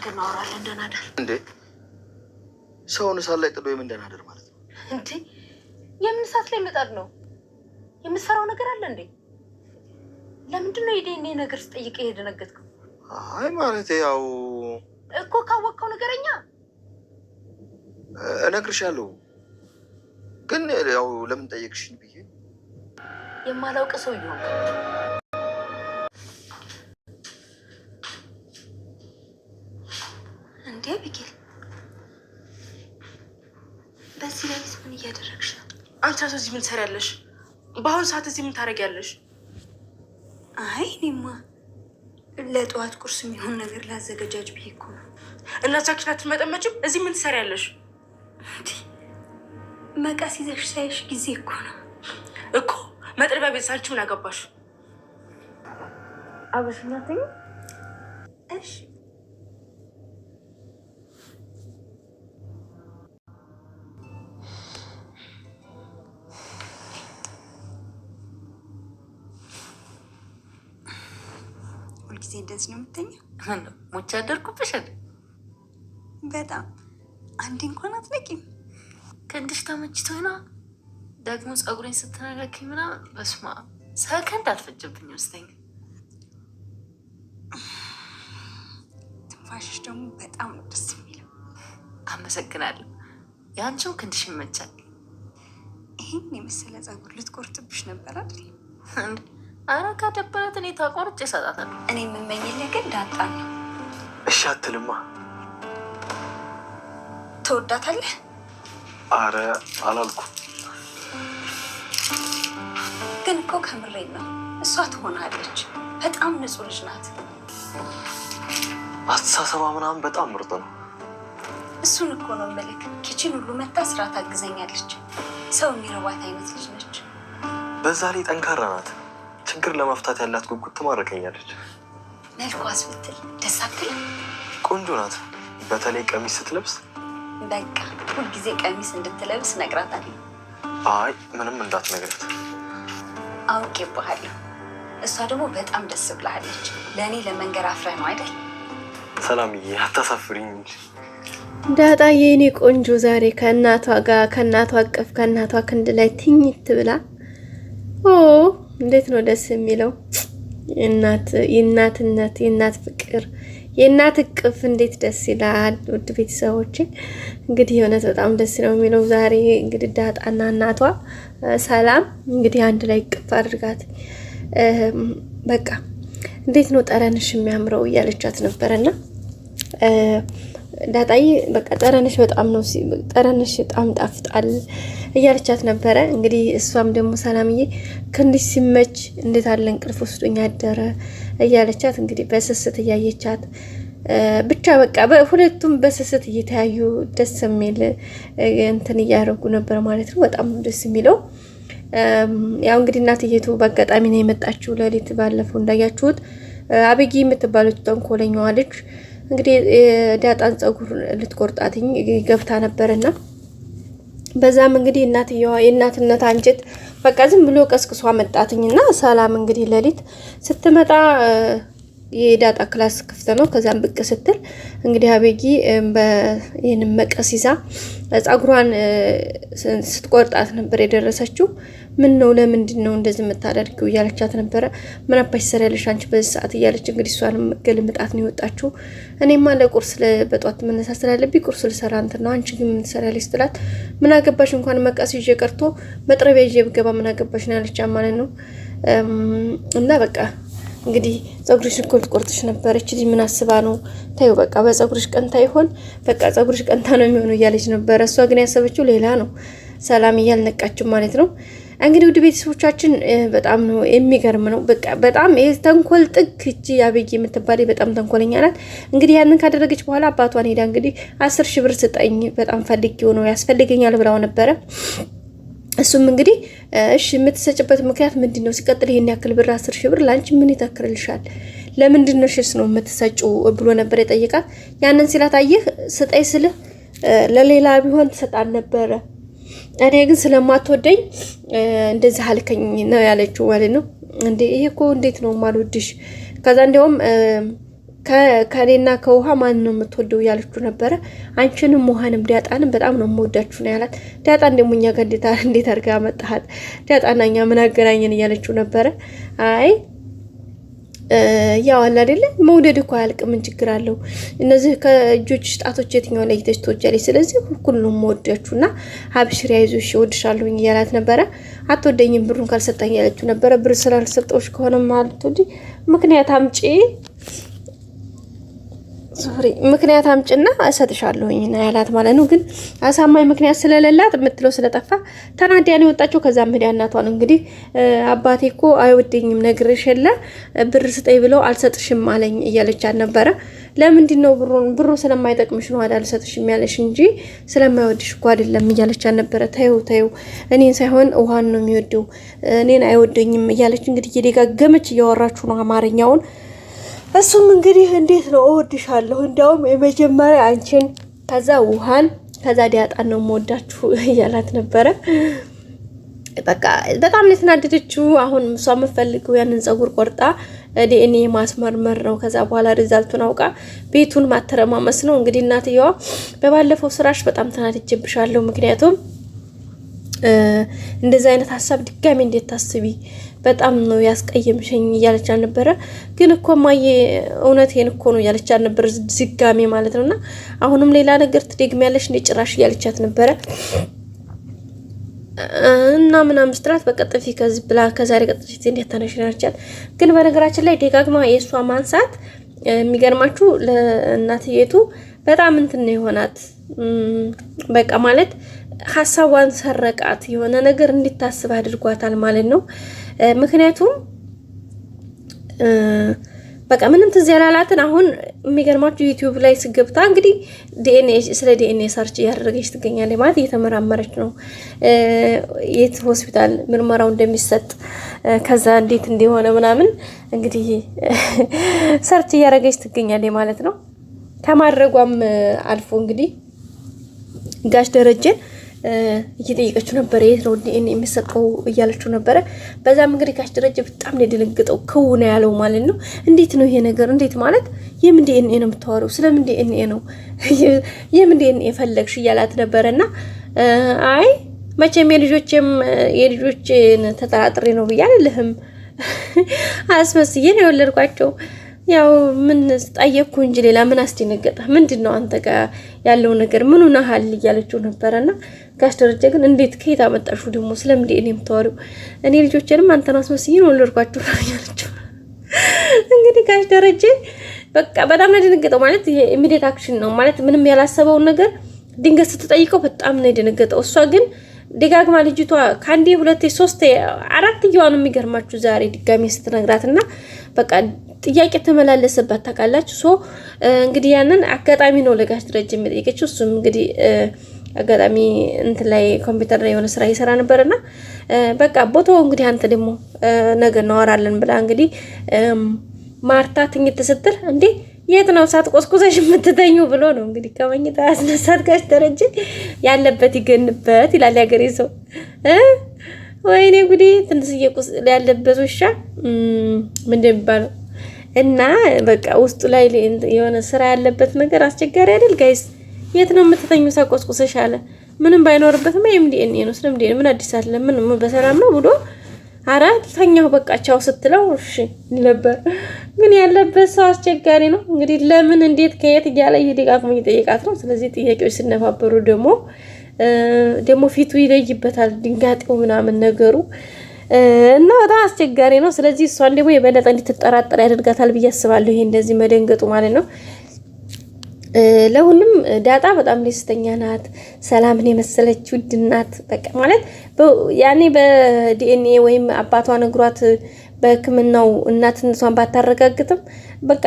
ነገ እናወራለን። ደህና ደር እንዴ! ሰውን እሳት ላይ ጥሎ የምን ደህና ደር ማለት ነው እንዴ? የምን እሳት ላይ መጣድ ነው? የምትሰራው ነገር አለ እንዴ? ለምንድን ነው የዴኔ ነገር ስጠይቅ የደነገጥከው? አይ ማለት ያው እኮ ካወቅከው ነገረኛ እነግርሻለሁ። ግን ያው ለምን ጠየቅሽኝ ብዬ የማላውቅ ሰው እየሆንክ በዚህ ላይ ምን እያደረግሽ ነው? አንቺ ራሱ እዚህ ምን ትሰሪያለሽ? በአሁኑ ሰዓት እዚህ ምን ታደርጊያለሽ? አይ እኔማ ለጠዋት ቁርስ የሚሆን ነገር ላዘገጃጅ ብዬ እኮ ነው። እና ቻኪና አትመጠመጭም? እዚህ ምን ትሰሪያለሽ? መቃስ ይዘሽ ሳይሽ ጊዜ እኮ ነው እኮ መጥረቢያ ቤት ሳንቺ ምን አገባሽ? አበሽናትኝ እናትኝ እሺ ሚስቴ እንደዚህ ነው የምተኛ? ሞች አደርኩብሻል በጣም አንድ እንኳን አትነቂም። ከእንድሽ ተመችቶኝ ነው። ደግሞ ፀጉሬን ስትነካኪኝ ምናምን በስማ ሰከንድ አልፈጀብኝ ወስተኛ ትንፋሽሽ ደግሞ በጣም ነው ደስ የሚለው። አመሰግናለሁ። የአንቺም ክንድሽ ይመቻል። ይህን የመሰለ ፀጉር ልትቆርጥብሽ ነበራል። አረ ከደበረት እኔ ታቆርጭ ይሰጣታል። እኔ የምመኝልህ ግን ዳጣ ነው። እሺ አትልማ። ትወዳታለህ? አረ አላልኩ ግን እኮ ከምሬን ነው። እሷ ትሆናለች። በጣም ንጹህ ልጅ ናት። አስተሳሰባ ምናምን በጣም ምርጥ ነው። እሱን እኮ ነው የምልህ። ኪችን ሁሉ መታ ስራ ታግዘኛለች። ሰው የሚረዋት አይነት ልጅ ነች። በዛ ላይ ጠንካራ ናት። ችግር ለመፍታት ያላት ጉጉት ትማርከኛለች። መልኳስ ብትል ደስ አትል? ቆንጆ ናት። በተለይ ቀሚስ ስትለብስ በቃ ሁልጊዜ ቀሚስ እንድትለብስ እነግራታለሁ። አይ ምንም እንዳትነግራት አውቄብሃለሁ። እሷ ደግሞ በጣም ደስ ብላለች። ለእኔ ለመንገር አፍረህ ነው አይደል? ሰላምዬ አታሳፍሪኝ እንጂ ዳጣ የእኔ ቆንጆ ዛሬ ከእናቷ ጋር ከእናቷ አቀፍ ከእናቷ ክንድ ላይ ትኝት ብላ ኦ እንዴት ነው ደስ የሚለው! እናት የእናትነት የእናት ፍቅር የእናት እቅፍ እንዴት ደስ ይላል! ውድ ቤተሰቦቼ እንግዲህ የእውነት በጣም ደስ ነው የሚለው። ዛሬ እንግዲህ ዳጣና እናቷ ሰላም እንግዲህ አንድ ላይ እቅፍ አድርጋት በቃ እንዴት ነው ጠረንሽ የሚያምረው እያለቻት ነበረና ዳጣይ በቃ ጠረንሽ በጣም ነው ጠረንሽ በጣም ጣፍጣል እያለቻት ነበረ። እንግዲህ እሷም ደግሞ ሰላምዬ ክንዲሽ ሲመች እንዴት አለ እንቅልፍ ወስዶኝ አደረ እያለቻት እንግዲህ በስስት እያየቻት ብቻ በቃ በሁለቱም በስስት እየተያዩ ደስ የሚል እንትን እያደረጉ ነበር ማለት ነው። በጣም ደስ የሚለው። ያው እንግዲህ እናትየቱ በአጋጣሚ ነው የመጣችው ሌሊት፣ ባለፈው እንዳያችሁት አብጊ የምትባለች ተንኮለኛዋ ልጅ እንግዲህ ዳጣን ፀጉር ልትቆርጣትኝ ገብታ ነበርና በዛም እንግዲህ እናትየዋ የእናትነት አንጀት በቃ ዝም ብሎ ቀስቅሷ መጣትኝና ሰላም እንግዲህ ሌሊት ስትመጣ የዳጣ ክላስ ክፍት ነው። ከዛም ብቅ ስትል እንግዲህ አቤጊ ይህንን መቀስ ይዛ ፀጉሯን ስትቆርጣት ነበር የደረሰችው። ምን ነው ለምንድን ነው እንደዚህ የምታደርጊው እያለቻት ነበረ። ምን አባሽ ትሰሪያለሽ አንቺ በዚህ ሰዓት እያለች እንግዲህ እሷንም ገልምጣት ነው የወጣችው። እኔማ ለቁርስ በጧት መነሳ ስላለብኝ ቁርስ ልሰራ እንትን ነው አንቺ ግን ምን ትሰሪያለሽ ስትላት ምን አገባሽ እንኳን መቃስ ይዤ ቀርቶ መጥረቢያ ይዤ ብገባ ምን አገባሽ ነው ያለች ማለት ነው። እና በቃ እንግዲህ ጸጉርሽ እኮ ልትቆርጥሽ ነበረች እቺ ልጅ ምን አስባ ነው ታዩ፣ በቃ በጸጉርሽ ቀንታ ይሆን በቃ ጸጉርሽ ቀንታ ነው የሚሆነው እያለች ነበረ። እሷ ግን ያሰበችው ሌላ ነው። ሰላም እያልነቃችው ማለት ነው። እንግዲህ ውድ ቤተሰቦቻችን በጣም ነው የሚገርም ነው። በቃ በጣም ተንኮል ጥግ እጅ አብይ የምትባል በጣም ተንኮለኛ ናት። እንግዲህ ያንን ካደረገች በኋላ አባቷን ሄዳ እንግዲህ አስር ሺህ ብር ስጠኝ በጣም ፈልግ ነው ያስፈልገኛል ብላው ነበረ። እሱም እንግዲህ እሺ የምትሰጭበት ምክንያት ምንድን ነው? ሲቀጥል ይሄን ያክል ብር አስር ሺህ ብር ለአንቺ ምን ይተክርልሻል? ለምንድን ነው ሽስ ነው የምትሰጭው ብሎ ነበር የጠየቃት። ያንን ሲላት አየህ ስጠኝ ስልህ ለሌላ ቢሆን ትሰጣን ነበረ እኔ ግን ስለማትወደኝ እንደዚህ አልከኝ ነው ያለችው ማለት ነው። እንዴ ይሄ እኮ እንዴት ነው ማልወድሽ? ከዛ እንዲያውም ከእኔና ከውሃ ማን ነው የምትወደው ያለችው ነበረ። አንቺንም ውሃንም ዲያጣንም በጣም ነው የምወዳችሁ ነው ያላት። ዲያጣን ደግሞ እኛ ጋር እንዴት አድርጋ መጣሃት? ዲያጣና እኛ ምን አገናኘን እያለችው ነበረ። አይ ያው አለ አይደለ መውደድ እኮ አያልቅም። ምን ችግር አለው? እነዚህ ከእጆችሽ ጣቶች የትኛው ለይተሽ ትወጃለሽ? ስለዚህ ሁሉ ነው የምወዳችሁ እና ሀብሽር ያይዞሽ እወድሻለሁኝ እያላት ነበረ። አትወደኝም ብሩን ካልሰጠኝ ያለችው ነበረ። ብር ስላልሰጠሁሽ ከሆነ ማለት ምክንያት አምጪ ሶሪ ምክንያት አምጭና እሰጥሻለሁኝ ና ያላት ማለት ነው። ግን አሳማኝ ምክንያት ስለሌላት የምትለው ስለጠፋ ተናዲያን የወጣቸው ከዛ ምህዳ እናቷን እንግዲህ አባቴ እኮ አይወደኝም ነግርሽ የለ ብር ስጠኝ ብለው አልሰጥሽም አለኝ እያለቻት ነበረ። ለምንድን ነው ብሩን? ብሩ ስለማይጠቅምሽ ነው አይደል አልሰጥሽም ያለሽ እንጂ ስለማይወድሽ እኮ አይደለም እያለቻት ነበረ። ተይው ተይው፣ እኔን ሳይሆን ውሃን ነው የሚወደው እኔን አይወደኝም እያለች እንግዲህ እየደጋገመች እያወራችሁ ነው አማርኛውን እሱም እንግዲህ እንዴት ነው እወድሻለሁ፣ እንዲያውም የመጀመሪያ አንቺን፣ ከዛ ውሃን፣ ከዛ ዲያጣን ነው የምወዳችሁ እያላት ነበረ። በቃ በጣም ነው የተናደደችው። አሁን እሷ የምፈልገው ያንን ፀጉር ቆርጣ እኔ ማስመርመር ነው። ከዛ በኋላ ሪዛልቱን አውቃ ቤቱን ማተረማመስ ነው። እንግዲህ እናትየዋ በባለፈው ስራሽ በጣም ተናድጄብሻለሁ፣ ምክንያቱም እንደዚህ አይነት ሀሳብ ድጋሚ እንዴት ታስቢ በጣም ነው ያስቀየምሽኝ እያለች አልነበረ? ግን እኮ ማየ እውነቴን እኮ ነው እያለች አልነበረ? ዝጋሜ ማለት ነው። እና አሁንም ሌላ ነገር ትደግም ትደግሚያለሽ እንደ ጭራሽ እያለቻት ነበረ። እና ምናምን ስትራት በቀጥፊ ከዚህ ብላ ከዛሬ ቀጥሽ እንዲያታነሽ ናቻት። ግን በነገራችን ላይ ደጋግማ የእሷ ማንሳት የሚገርማችሁ ለእናትየቱ በጣም እንትን የሆናት። በቃ ማለት ሀሳቧን ሰረቃት፣ የሆነ ነገር እንዲታስብ አድርጓታል ማለት ነው። ምክንያቱም በቃ ምንም ትዝ ያላላትን አሁን የሚገርማችሁ ዩቲዩብ ላይ ስገብታ እንግዲህ ዲኤንኤ ስለ ዲኤንኤ ሰርች እያደረገች ትገኛለች። ማለት እየተመራመረች ነው፣ የት ሆስፒታል ምርመራው እንደሚሰጥ ከዛ እንዴት እንደሆነ ምናምን እንግዲህ ሰርች እያደረገች ትገኛለች ማለት ነው። ከማድረጓም አልፎ እንግዲህ ጋሽ ደረጀን እየጠየቀችው ነበረ። የት ነው የሚሰጠው እያለችው ነበረ። በዛም እንግዲህ ጋሽ ደረጀ በጣም ነው የደነገጠው። ክው ነው ያለው ማለት ነው። እንዴት ነው ይሄ ነገር? እንዴት ማለት የምን ዲኤንኤ ነው የምታወሪው? ስለምን ዲኤንኤ ነው የምን ዲኤንኤ ፈለግሽ እያላት ነበረ። እና አይ መቼም የልጆችም የልጆች ተጠራጥሬ ነው ብዬ አልልህም፣ አስመስዬ ነው የወለድኳቸው ያው ምን ጠየቅኩ እንጂ ሌላ ምን አስደነገጠ? ምንድን ነው አንተ ጋር ያለው ነገር ምኑ ናሃል እያለችው ነበረ። እና ጋሽ ደረጀ ግን እንዴት ከየት አመጣሹ ደግሞ ስለምንድ እኔ የምታወሪው እኔ ልጆችንም አንተን አስመስዬ ነው ወለድኳቸው ያለችው። እንግዲህ ጋሽ ደረጀ በቃ በጣም ነው የደነገጠው። ማለት ይሄ ኢሚዲየት አክሽን ነው ማለት ምንም ያላሰበውን ነገር ድንገት ስትጠይቀው በጣም ነው የደነገጠው። እሷ ግን ደጋግማ ልጅቷ ከአንዴ ሁለቴ ሶስት አራት እየዋኑ የሚገርማችሁ ዛሬ ድጋሚ ስትነግራት እና በቃ ጥያቄ ተመላለሰባት ታውቃላችሁ። ሶ እንግዲህ ያንን አጋጣሚ ነው ለጋሽ ደረጀ የሚጠይቀችው። እሱም እንግዲህ አጋጣሚ እንትን ላይ ኮምፒውተር ላይ የሆነ ስራ ይሰራ እና በቃ ቦታው እንግዲህ አንተ ደግሞ ነገ እናወራለን ብላ እንግዲህ ማርታ ትኝት ስትል እንዴ የት ነው ሳት ሳትቆስቁሰሽ የምትተኙ ብሎ ነው እንግዲህ ከመኝታ ያስነሳት ጋሽ ደረጀ። ያለበት ይገንበት ይላል ያገሬ ሰው። ወይኔ ጉዴ! ትንሽዬ ቁስ ያለበት ውሻ ምንድን የሚባለው እና በቃ ውስጡ ላይ የሆነ ስራ ያለበት ነገር አስቸጋሪ አይደል ጋይስ? የት ነው የምትተኙ ሳቆስቁሰሽ አለ። ምንም ባይኖርበትማ የምንዲን ነው ስለምዲኤንኤ ምን አዲስ አለ ምን በሰላም ነው ብሎ አረ ተኛሁ በቃ ቻው ስትለው እሺ ነበር። ግን ያለበት ሰው አስቸጋሪ ነው። እንግዲህ ለምን እንዴት ከየት እያለ እየደጋግሞ እየጠየቃት ነው። ስለዚህ ጥያቄዎች ስነባበሩ ደግሞ ደግሞ ፊቱ ይለይበታል፣ ድንጋጤው ምናምን ነገሩ እና በጣም አስቸጋሪ ነው። ስለዚህ እሷን ደግሞ የበለጠ እንድትጠራጠር ያደርጋታል ብዬ አስባለሁ። ይሄ እንደዚህ መደንገጡ ማለት ነው። ለሁሉም ዳጣ በጣም ደስተኛ ናት። ሰላምን የመሰለች ውድ እናት በቃ ማለት ያኔ በዲኤንኤ ወይም አባቷ ነግሯት በሕክምናው እናትነቷን ባታረጋግጥም በቃ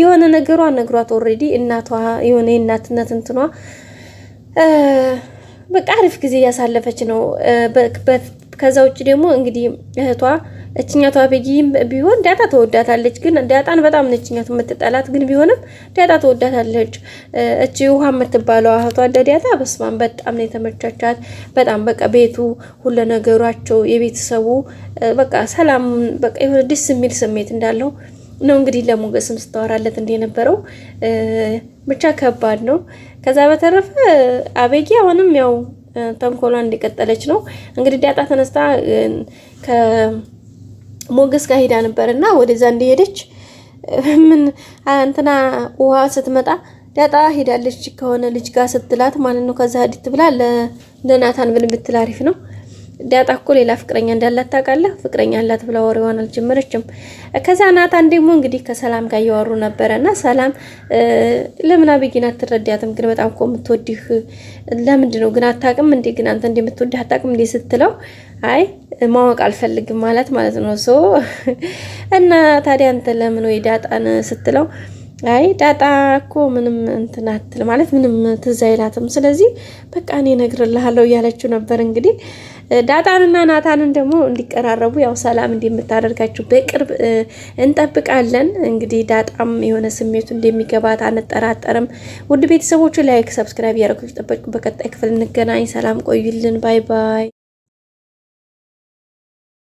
የሆነ ነገሯ ነግሯት ኦልሬዲ እናቷ የሆነ የእናትነት እንትኗ በቃ አሪፍ ጊዜ እያሳለፈች ነው። ከዛ ውጭ ደግሞ እንግዲህ እህቷ እችኛቷ ቤጊም ቢሆን ዳጣ ተወዳታለች። ግን ዳጣን በጣም ነው እችኛቱ የምትጠላት። ግን ቢሆንም ዳጣ ተወዳታለች። እቺ ውሃ የምትባለው እህቷ እንደ ዳጣ በስማን በጣም ነው የተመቻቻት። በጣም በቃ ቤቱ ሁለ ነገሯቸው የቤተሰቡ በቃ ሰላም በቃ የሆነ ደስ የሚል ስሜት እንዳለው ነው እንግዲህ ለሞገስም ስታወራለት እንደነበረው ብቻ ከባድ ነው። ከዛ በተረፈ አቤጊ አሁንም ያው ተንኮሏ እንደቀጠለች ነው። እንግዲህ ዳጣ ተነስታ ከሞገስ ጋር ሄዳ ነበር እና ወደዛ እንደሄደች ምን እንትና ውሃ ስትመጣ ዳጣ ሄዳለች ከሆነ ልጅ ጋር ስትላት ማለት ነው። ከዛ ሀዲት ብላ ለናታን ብለን ብትል አሪፍ ነው። ዳጣ እኮ ሌላ ፍቅረኛ እንዳላት ታውቃለህ? ፍቅረኛ አላት ብላ ወሬዋን አልጀመረችም። ከዛ ናታን ደግሞ እንግዲህ ከሰላም ጋር እያወሩ ነበረ እና ሰላም ለምን አብይን አትረዳትም ግን በጣም እኮ የምትወድህ ለምንድን ነው ግን አታውቅም እንዴ? ግን አንተ እንደምትወድህ አታውቅም እንዴ ስትለው አይ ማወቅ አልፈልግም ማለት ማለት ነው ሶ እና ታዲያ አንተ ለምን ወይ ዳጣን ስትለው አይ ዳጣ እኮ ምንም እንትን አትል ማለት ምንም ትዝ አይላትም። ስለዚህ በቃ እኔ እነግርልሃለሁ እያለችው ነበር እንግዲህ ዳጣንና ናታንን ደግሞ እንዲቀራረቡ ያው ሰላም እንደምታደርጋችሁ በቅርብ እንጠብቃለን። እንግዲህ ዳጣም የሆነ ስሜቱ እንደሚገባት አንጠራጠርም። ውድ ቤተሰቦቹ ላይክ፣ ሰብስክራይብ ያደረጉ ጠበቁ። በቀጣይ ክፍል እንገናኝ። ሰላም ቆዩልን። ባይ ባይ።